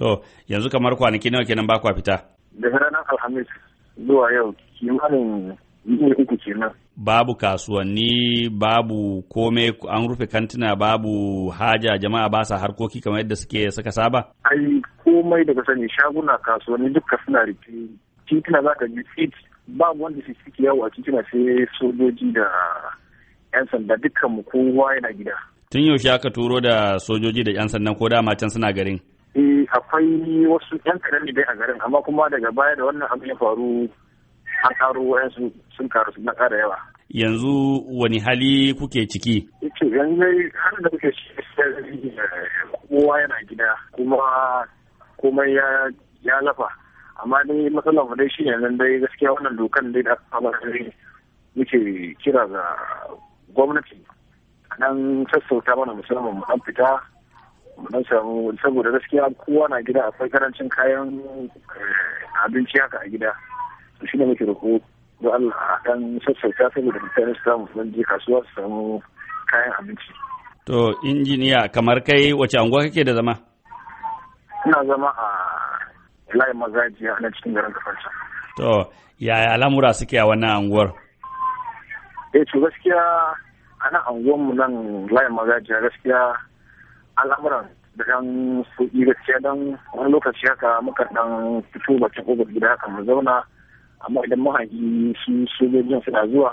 To yanzu kamar kwanaki nawa kenan ba kwa fita? da ranar Alhamis zuwa yau kimanin ne uku kenan. Babu kasuwanni, babu kome an rufe kantina, babu haja jama'a ba sa harkoki kamar yadda suke saka saba? Ai komai daga sani shaguna kasuwanni duka suna rufe. Titina za ka ji fit babu wanda su suke yawo a titina sai sojoji da 'yan sanda dukkan mu kowa yana gida. Tun yaushe aka turo da sojoji da 'yan sandan ko dama can suna garin? akwai wasu yan kaɗan ne dai a garin amma kuma daga baya da wannan abin ya faru an karo wayansu sun karu sun ƙara yawa. Yanzu wani hali kuke ciki? Ice yanzu har da kuke shi kowa yana gida kuma komai ya lafa amma dai matsalar mu dai shi ne nan dai gaskiya wannan dokan dai da aka dai muke kira ga gwamnati nan sassauta mana musamman mu dan fita mun samu saboda gaskiya kowa na gida akwai karancin kayan eh, abinci haka a gida to ne muke roƙo don Allah a kan sassauta saboda mutane su samu su je kasuwa su samu kayan abinci to injiniya kamar kai wace anguwa kake da zama ina zama a layin mazajiya na cikin garin kafarsa to yaya al'amura suke a wannan anguwar eh to gaskiya ana anguwanmu mu nan layin magajiya gaskiya al'amuran da dan kuɗi gaskiya don wani lokaci haka muka ɗan fito bakin ofis gida haka mu zauna amma idan mahaji su sojojin suna zuwa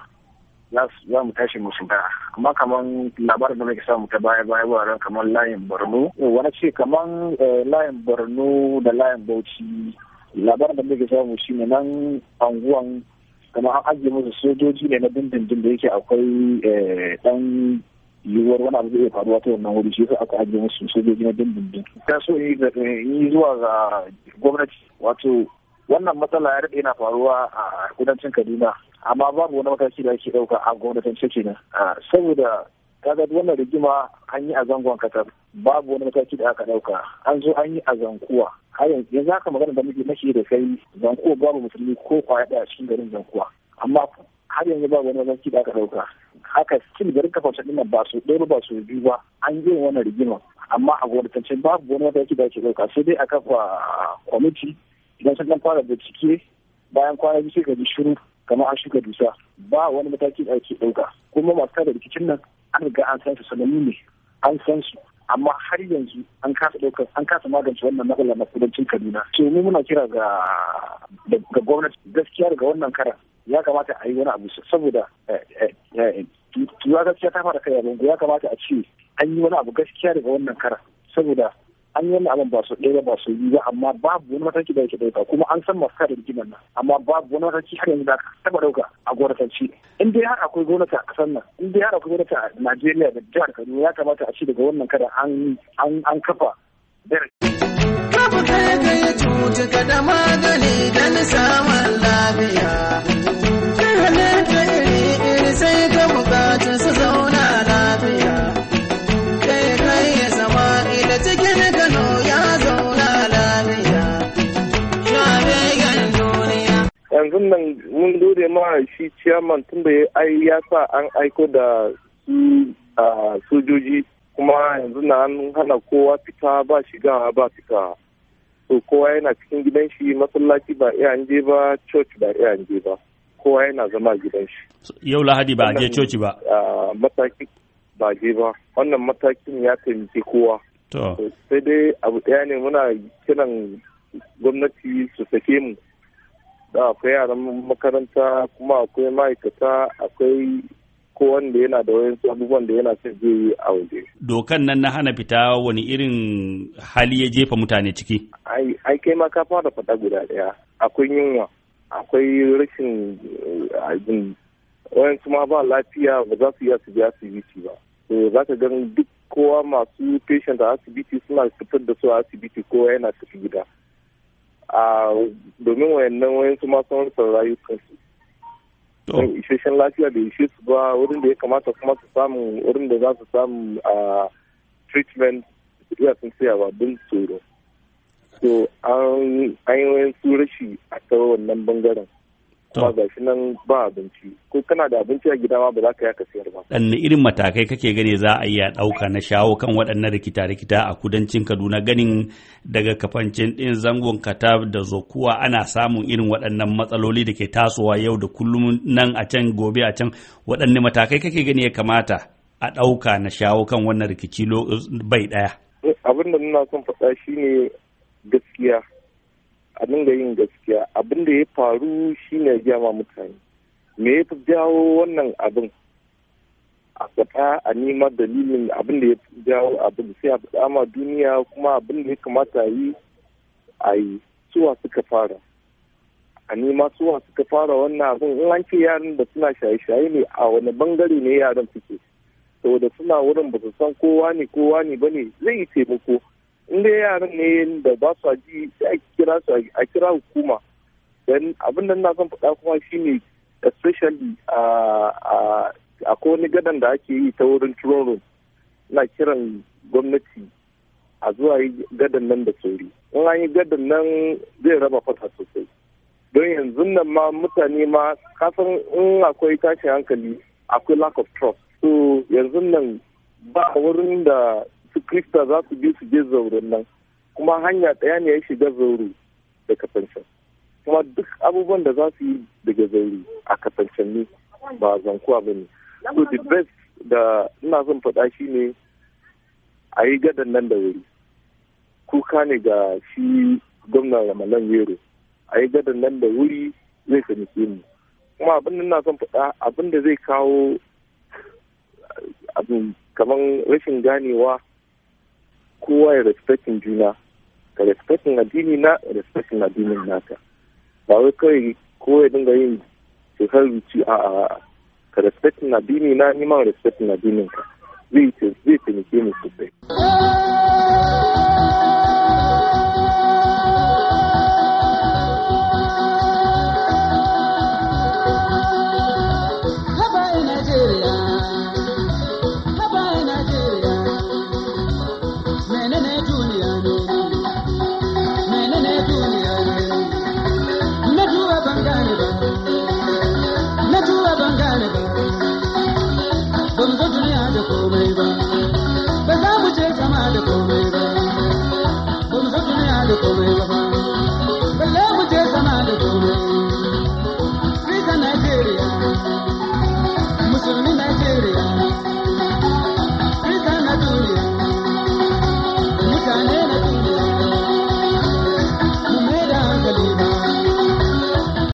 za mu tashi mu shiga amma kamar labarin da muke samu ta baya baya wuraren kamar layin borno eh, wani ce kamar eh, layin borno da layin bauchi labarin da muke samu shi ne nan anguwan kamar an ajiye musu sojoji ne na dindindin da yake akwai dan eh, yiwuwar wani abu zai iya faruwa ta wannan wuri shi yasa aka ajiye musu sojoji na dindindin ta so eh, yi zuwa ga gwamnati wato wannan matsala ya daɗe yana faruwa a kudancin kaduna amma babu wani mataki da ake ɗauka a gwamnatin gwamnatance kenan saboda kaga wannan rigima an yi a zangon katar babu wani mataki da aka ɗauka an zo an yi a zankuwa har yanzu haka magana da muke mashi da kai zankuwa babu musulmi ko kwaya ɗaya cikin garin zankuwa amma har yanzu babu wani mataki da aka ɗauka haka skill garin kafafen ɗin ba su ɗaya ba su biyu ba an yi wani rigima amma a gwamnatance babu wani mataki da ake ɗauka sai dai a kafa kwamiti idan sun dan fara bincike bayan kwana biyu sai ka ji shiru kamar an shuka dusa ba wani mataki da ake ɗauka kuma masu kada rikicin nan an riga an san su sanannu ne an san su amma har yanzu an kasa ɗauka an kasa magance wannan matsalar na kudancin kaduna to mu muna kira ga gwamnati gaskiya daga wannan karan ya kamata a yi wani abu saboda eh, eh, eh, tuwa gaskiya ta fara kai abin ya kamata a ce an yi wani abu gaskiya daga wannan kara saboda an yi wani abin ba su ɗaya ba su yi ba amma babu wani mataki da yake ɗauka kuma an san masu kare rigimar nan amma babu wani mataki har yanzu da aka taɓa ɗauka a gwamnatanci in dai har akwai gwamnati a ƙasar nan in dai har akwai gwamnati a Najeriya da jihar kano ya kamata a ce daga wannan kara an kafa Kafa kai ka ya cuta ka da magani don samun lafiya. sai ka bukaci su zauna lafiya kai kai ya zama ila cikin kano ya zauna lafiya shabegan duniya yanzu nan mun dore ma shi ciyaman tun da ai ya sa an aiko da sojoji kuma yanzu na an hana kowa fita ba shiga ba fita to kowa yana cikin gidan shi masallaci ba iya je ba church ba iya je ba kowa yana zama gidan shi yau lahadi ba a je coci ba ah, mataki ba je ba wannan matakin ya taimaki kowa sai dai abu ɗaya ne muna kiran gwamnati su sake mu da akwai yaran makaranta kuma akwai ma'aikata akwai ko wanda yana da wayansu abubuwan da yana son zai yi a waje. Dokan nan na hana fita wani irin hali ya jefa mutane ciki? Ai, kai ma ka fara faɗa guda ɗaya. Akwai yunwa, akwai rashin eh, abin wayansu ma ba lafiya ba za su iya su a asibiti ba to za ka gan duk kowa masu patient a asibiti suna fitar da su a asibiti kowa yana tafi gida a domin wayannan wayansu ma sun rasa rayukansu isheshen lafiya da ishe su ba wurin da ya kamata kuma su samu wurin da za su samu a ah, treatment iya sun tsaya ba don tsoro so an yi su rashi a ta wannan bangaren kuma ga shi nan ba abinci ko kana da abinci a gida ma ba za ka yaka sayar ba dan irin matakai kake gani za a iya ɗauka na shawo kan waɗannan rikita-rikita a kudancin kaduna ganin daga kafancin ɗin zangon katab da zokuwa ana samun irin waɗannan matsaloli da ke tasowa yau da kullum nan a can gobe a can waɗanne matakai kake gani ya kamata a ɗauka na shawo kan wannan rikici bai ɗaya eh, abin da nuna son faɗa shine gaskiya a dinga yin gaskiya abin da ya faru shine gyama mutane me ya fi jawo wannan abin a faɗa a nema dalilin abin da ya fi jawo abin sai a faɗa duniya kuma abin da ya kamata yi a yi suwa suka fara a nema suwa suka fara wannan abin in an ce yaran da suna shaye-shaye ne a wani bangare ne yaran suke saboda suna wurin ba su san kowa ne kowa ne ba ne zai yi taimako in dai yaran ne da ba su ji a kira kira hukuma don abin da na zan faɗa kuma shine especially a ko wani gadon da ake yi ta wurin turoro na kiran gwamnati a zuwa yi gadon nan da sauri in an yi gadon nan zai raba fata sosai don yanzu nan ma mutane ma kafin in akwai tashin hankali akwai lack of trust so yanzu nan ba wurin da su krista za su bi su je zauren nan kuma hanya ɗaya ne ya shiga zaure da kafancan kuma duk abubuwan da za su yi daga zauri a kafancan ne ba zankuwa ba ne so the best da ina zan faɗa shi ne a yi gadon nan da wuri kuka ne ga shi gwamna ramalan yero a yi gadon nan da wuri zai sami mu kuma abin da ina son faɗa abin da zai kawo abin kamar rashin ganewa kowa ya respectin juna ka respectin addini na respectin addinin naka ba wai kawai kowa ya dinga yin shekar ruci a a ka respectin addini na ni ma respectin addinin ka zai taimake mu sosai.